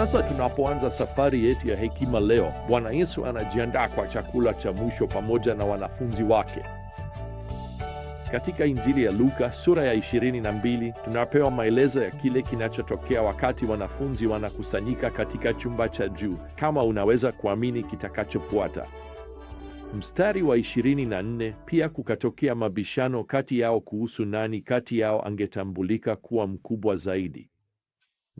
Sasa tunapoanza safari yetu ya hekima leo, Bwana Yesu anajiandaa kwa chakula cha mwisho pamoja na wanafunzi wake. Katika Injili ya Luka sura ya 22 tunapewa maelezo ya kile kinachotokea wakati wanafunzi wanakusanyika katika chumba cha juu, kama unaweza kuamini kitakachofuata. Mstari wa 24, pia kukatokea mabishano kati yao kuhusu nani kati yao angetambulika kuwa mkubwa zaidi.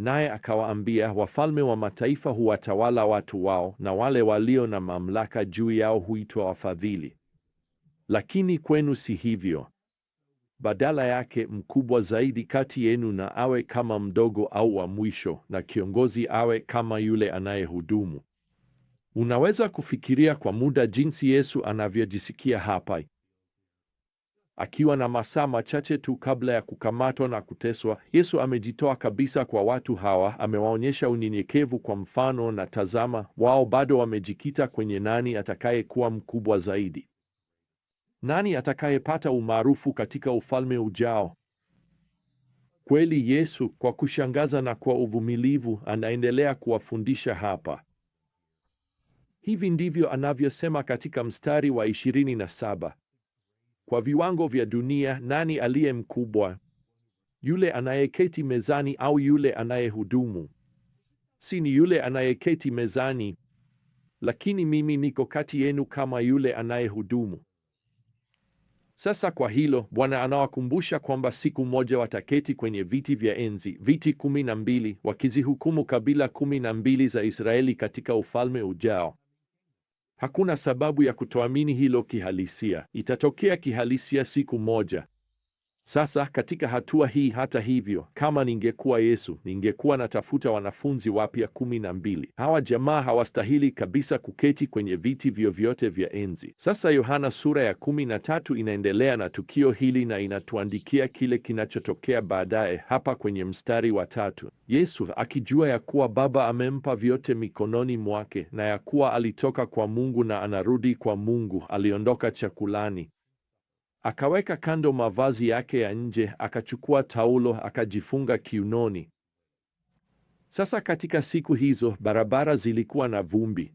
Naye akawaambia, wafalme wa mataifa huwatawala watu wao, na wale walio na mamlaka juu yao huitwa wafadhili. Lakini kwenu si hivyo. Badala yake, mkubwa zaidi kati yenu na awe kama mdogo au wa mwisho, na kiongozi awe kama yule anayehudumu. Unaweza kufikiria kwa muda jinsi Yesu anavyojisikia hapa. Akiwa na masaa machache tu kabla ya kukamatwa na kuteswa, Yesu amejitoa kabisa kwa watu hawa, amewaonyesha unyenyekevu kwa mfano, na tazama, wao bado wamejikita kwenye nani atakayekuwa mkubwa zaidi, nani atakayepata umaarufu katika ufalme ujao. Kweli Yesu kwa kushangaza na kwa uvumilivu anaendelea kuwafundisha hapa. Hivi ndivyo anavyosema katika mstari wa 27. Kwa viwango vya dunia, nani aliye mkubwa? Yule anayeketi mezani au yule anayehudumu? Si ni yule anayeketi mezani. Lakini mimi niko kati yenu kama yule anayehudumu. Sasa kwa hilo, Bwana anawakumbusha kwamba siku moja wataketi kwenye viti vya enzi, viti kumi na mbili, wakizihukumu kabila kumi na mbili za Israeli katika ufalme ujao. Hakuna sababu ya kutoamini hilo kihalisia. Itatokea kihalisia siku moja. Sasa katika hatua hii, hata hivyo, kama ningekuwa Yesu, ningekuwa natafuta wanafunzi wapya kumi na mbili. Hawa jamaa hawastahili kabisa kuketi kwenye viti vyovyote vya enzi. Sasa Yohana sura ya kumi na tatu inaendelea na tukio hili na inatuandikia kile kinachotokea baadaye. Hapa kwenye mstari wa tatu, Yesu akijua ya kuwa Baba amempa vyote mikononi mwake na ya kuwa alitoka kwa Mungu na anarudi kwa Mungu, aliondoka chakulani Akaweka kando mavazi yake ya nje, akachukua taulo akajifunga kiunoni. Sasa katika siku hizo barabara zilikuwa na vumbi,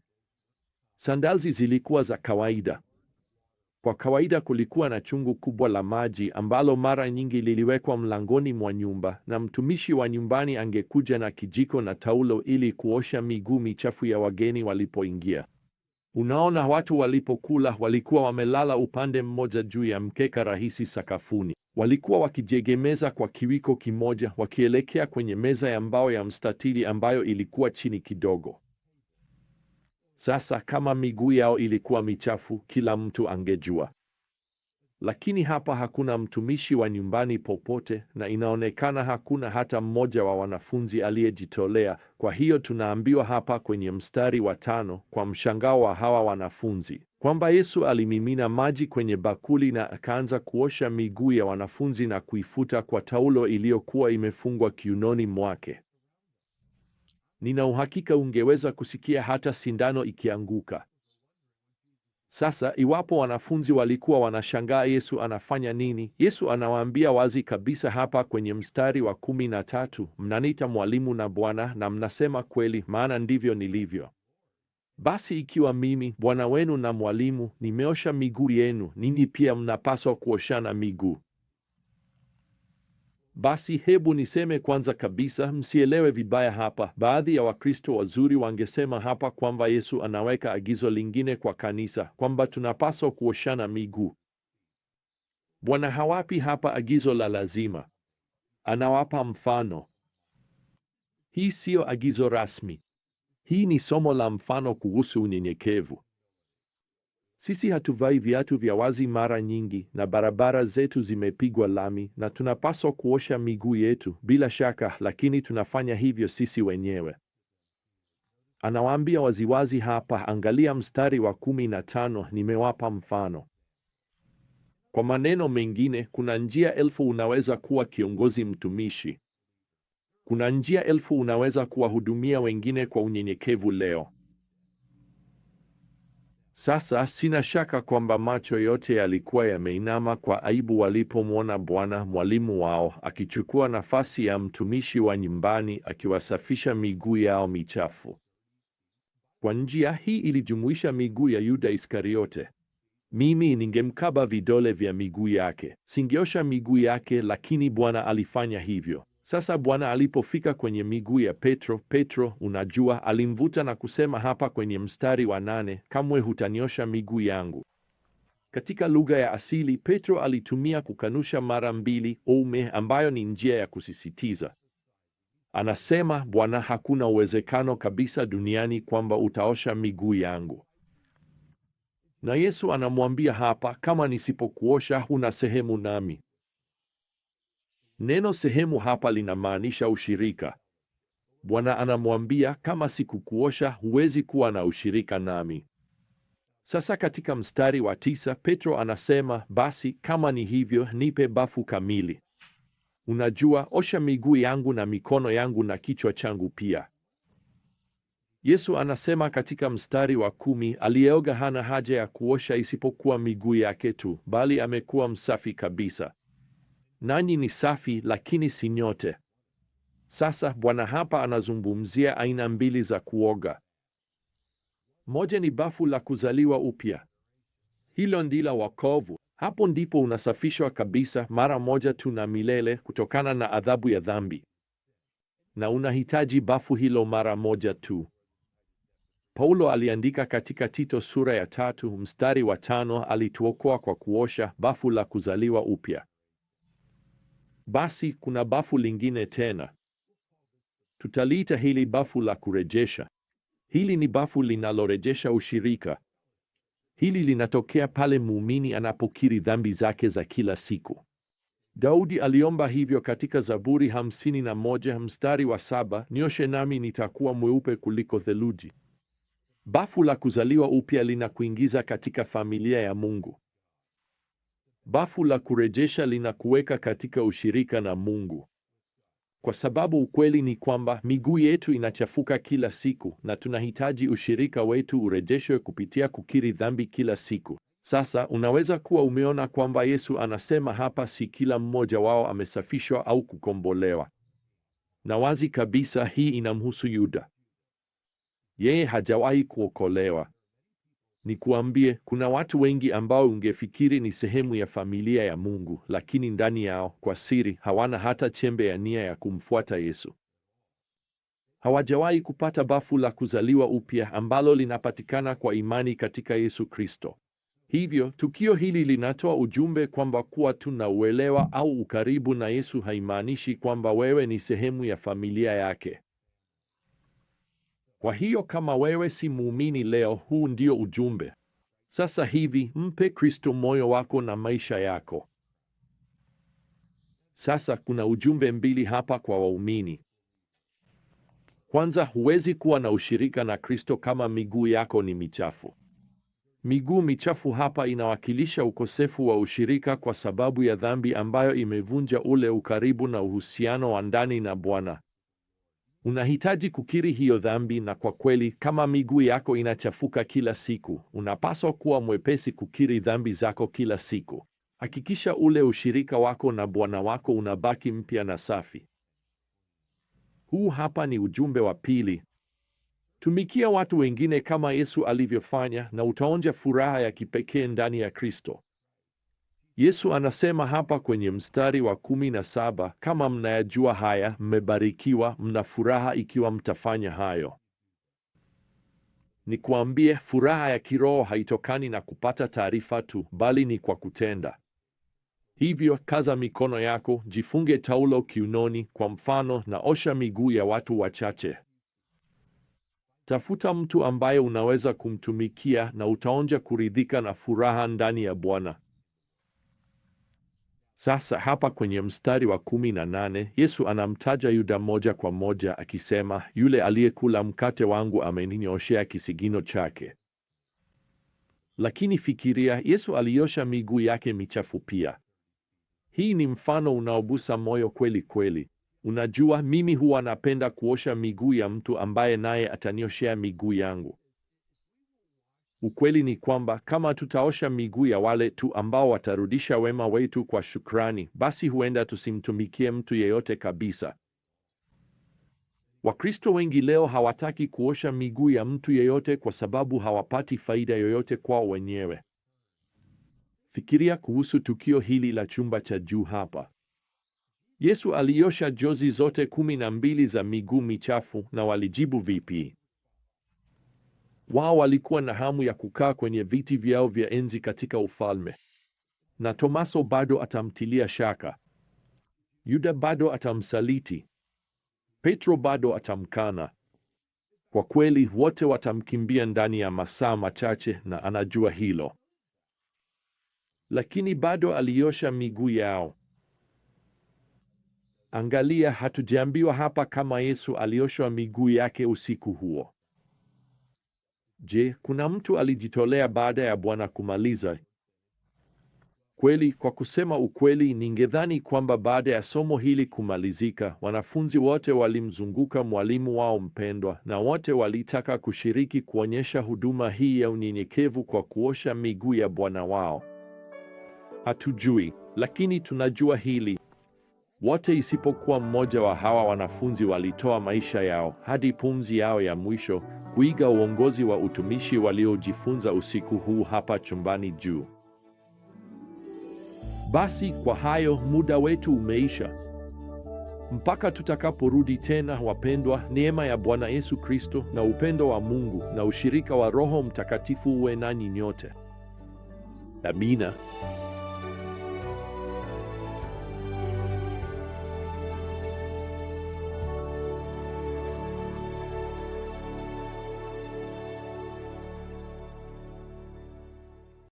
sandalzi zilikuwa za kawaida. Kwa kawaida kulikuwa na chungu kubwa la maji ambalo mara nyingi liliwekwa mlangoni mwa nyumba, na mtumishi wa nyumbani angekuja na kijiko na taulo ili kuosha miguu michafu ya wageni walipoingia. Unaona, watu walipokula walikuwa wamelala upande mmoja juu ya mkeka rahisi sakafuni. Walikuwa wakijegemeza kwa kiwiko kimoja, wakielekea kwenye meza ya mbao ya mstatili ambayo ilikuwa chini kidogo. Sasa kama miguu yao ilikuwa michafu, kila mtu angejua. Lakini hapa hakuna mtumishi wa nyumbani popote, na inaonekana hakuna hata mmoja wa wanafunzi aliyejitolea. Kwa hiyo tunaambiwa hapa kwenye mstari wa tano, kwa mshangao wa hawa wanafunzi, kwamba Yesu alimimina maji kwenye bakuli na akaanza kuosha miguu ya wanafunzi na kuifuta kwa taulo iliyokuwa imefungwa kiunoni mwake. Nina uhakika ungeweza kusikia hata sindano ikianguka. Sasa iwapo wanafunzi walikuwa wanashangaa Yesu anafanya nini, Yesu anawaambia wazi kabisa hapa kwenye mstari wa kumi na tatu, mnaniita mwalimu na Bwana, na mnasema kweli, maana ndivyo nilivyo. Basi ikiwa mimi Bwana wenu na mwalimu nimeosha miguu yenu, ninyi pia mnapaswa kuoshana miguu. Basi hebu niseme kwanza kabisa, msielewe vibaya hapa. Baadhi ya Wakristo wazuri wangesema hapa kwamba Yesu anaweka agizo lingine kwa kanisa kwamba tunapaswa kuoshana miguu. Bwana hawapi hapa agizo la lazima, anawapa mfano. Hii siyo agizo rasmi. Hii ni somo la mfano kuhusu unyenyekevu. Sisi hatuvai viatu vya wazi mara nyingi, na barabara zetu zimepigwa lami, na tunapaswa kuosha miguu yetu bila shaka, lakini tunafanya hivyo sisi wenyewe. Anawaambia waziwazi hapa, angalia mstari wa kumi na tano, nimewapa mfano. Kwa maneno mengine, kuna njia elfu unaweza kuwa kiongozi mtumishi. Kuna njia elfu unaweza kuwahudumia wengine kwa unyenyekevu leo. Sasa sina shaka kwamba macho yote yalikuwa yameinama kwa aibu walipomwona Bwana mwalimu wao akichukua nafasi ya mtumishi wa nyumbani, akiwasafisha miguu yao michafu. Kwa njia hii ilijumuisha miguu ya Yuda Iskariote. Mimi ningemkaba vidole vya miguu yake, singeosha miguu yake, lakini Bwana alifanya hivyo. Sasa Bwana alipofika kwenye miguu ya Petro, Petro, unajua, alimvuta na kusema hapa kwenye mstari wa nane, kamwe hutaniosha miguu yangu. Katika lugha ya asili Petro alitumia kukanusha mara mbili oume, ambayo ni njia ya kusisitiza. Anasema, Bwana, hakuna uwezekano kabisa duniani kwamba utaosha miguu yangu. Na Yesu anamwambia hapa, kama nisipokuosha huna sehemu nami. Neno sehemu hapa linamaanisha ushirika. Bwana anamwambia, kama sikukuosha huwezi kuwa na ushirika nami. Sasa katika mstari wa tisa Petro anasema, basi kama ni hivyo, nipe bafu kamili. Unajua, osha miguu yangu na mikono yangu na kichwa changu pia. Yesu anasema katika mstari wa kumi, aliyeoga hana haja ya kuosha isipokuwa miguu yake tu, bali amekuwa msafi kabisa. Nanyi ni safi, lakini si nyote. Sasa Bwana hapa anazungumzia aina mbili za kuoga. Moja ni bafu la kuzaliwa upya. Hilo ndilo wokovu. Hapo ndipo unasafishwa kabisa mara moja tu na milele kutokana na adhabu ya dhambi, na unahitaji bafu hilo mara moja tu. Paulo aliandika katika Tito sura ya tatu mstari wa tano alituokoa kwa kuosha bafu la kuzaliwa upya. Basi kuna bafu lingine tena, tutaliita hili bafu la kurejesha. Hili ni bafu linalorejesha ushirika. Hili linatokea pale muumini anapokiri dhambi zake za kila siku. Daudi aliomba hivyo katika Zaburi hamsini na moja mstari wa saba, nioshe nami nitakuwa mweupe kuliko theluji. Bafu la kuzaliwa upya linakuingiza katika familia ya Mungu. Bafu la kurejesha linakuweka katika ushirika na Mungu, kwa sababu ukweli ni kwamba miguu yetu inachafuka kila siku na tunahitaji ushirika wetu urejeshwe kupitia kukiri dhambi kila siku. Sasa unaweza kuwa umeona kwamba Yesu anasema hapa, si kila mmoja wao amesafishwa au kukombolewa, na wazi kabisa hii inamhusu Yuda. Yeye hajawahi kuokolewa. Nikuambie, kuna watu wengi ambao ungefikiri ni sehemu ya familia ya Mungu, lakini ndani yao kwa siri hawana hata chembe ya nia ya kumfuata Yesu. Hawajawahi kupata bafu la kuzaliwa upya ambalo linapatikana kwa imani katika Yesu Kristo. Hivyo tukio hili linatoa ujumbe kwamba kuwa na uelewa au ukaribu na Yesu haimaanishi kwamba wewe ni sehemu ya familia yake. Kwa hiyo kama wewe si muumini leo, huu ndio ujumbe sasa hivi: mpe Kristo moyo wako na maisha yako. Sasa kuna ujumbe mbili hapa kwa waumini. Kwanza, huwezi kuwa na ushirika na Kristo kama miguu yako ni michafu. Miguu michafu hapa inawakilisha ukosefu wa ushirika kwa sababu ya dhambi ambayo imevunja ule ukaribu na uhusiano wa ndani na Bwana. Unahitaji kukiri hiyo dhambi, na kwa kweli, kama miguu yako inachafuka kila siku, unapaswa kuwa mwepesi kukiri dhambi zako kila siku. Hakikisha ule ushirika wako na Bwana wako unabaki mpya na safi. Huu hapa ni ujumbe wa pili: tumikia watu wengine kama Yesu alivyofanya, na utaonja furaha ya kipekee ndani ya Kristo. Yesu anasema hapa kwenye mstari wa kumi na saba, kama mnayajua haya, mmebarikiwa, mna furaha ikiwa mtafanya hayo. Nikwambie, furaha ya kiroho haitokani na kupata taarifa tu, bali ni kwa kutenda. Hivyo kaza mikono yako, jifunge taulo kiunoni kwa mfano, na osha miguu ya watu wachache. Tafuta mtu ambaye unaweza kumtumikia, na utaonja kuridhika na furaha ndani ya Bwana. Sasa hapa kwenye mstari wa kumi na nane Yesu anamtaja Yuda moja kwa moja akisema, yule aliyekula mkate wangu ameninyoshea kisigino chake. Lakini fikiria, Yesu aliosha miguu yake michafu pia. Hii ni mfano unaogusa moyo kweli kweli. Unajua, mimi huwa napenda kuosha miguu ya mtu ambaye naye atanioshea miguu yangu. Ukweli ni kwamba kama tutaosha miguu ya wale tu ambao watarudisha wema wetu kwa shukrani, basi huenda tusimtumikie mtu yeyote kabisa. Wakristo wengi leo hawataki kuosha miguu ya mtu yeyote kwa sababu hawapati faida yoyote kwao wenyewe. Fikiria kuhusu tukio hili la chumba cha juu hapa. Yesu aliosha jozi zote kumi na mbili za miguu michafu na walijibu vipi? Wao walikuwa na hamu ya kukaa kwenye viti vyao vya enzi katika ufalme, na Tomaso bado atamtilia shaka. Yuda bado atamsaliti. Petro bado atamkana. Kwa kweli, wote watamkimbia ndani ya masaa machache, na anajua hilo, lakini bado aliosha miguu yao. Angalia, hatujaambiwa hapa kama Yesu alioshwa miguu yake usiku huo. Je, kuna mtu alijitolea baada ya Bwana kumaliza? Kweli, kwa kusema ukweli, ningedhani kwamba baada ya somo hili kumalizika, wanafunzi wote walimzunguka mwalimu wao mpendwa, na wote walitaka kushiriki kuonyesha huduma hii ya unyenyekevu kwa kuosha miguu ya Bwana wao. Hatujui, lakini tunajua hili. Wote isipokuwa mmoja wa hawa wanafunzi walitoa maisha yao hadi pumzi yao ya mwisho kuiga uongozi wa utumishi waliojifunza usiku huu hapa chumbani juu. Basi kwa hayo, muda wetu umeisha. Mpaka tutakaporudi tena, wapendwa, neema ya Bwana Yesu Kristo na upendo wa Mungu na ushirika wa Roho Mtakatifu uwe nanyi nyote. Amina.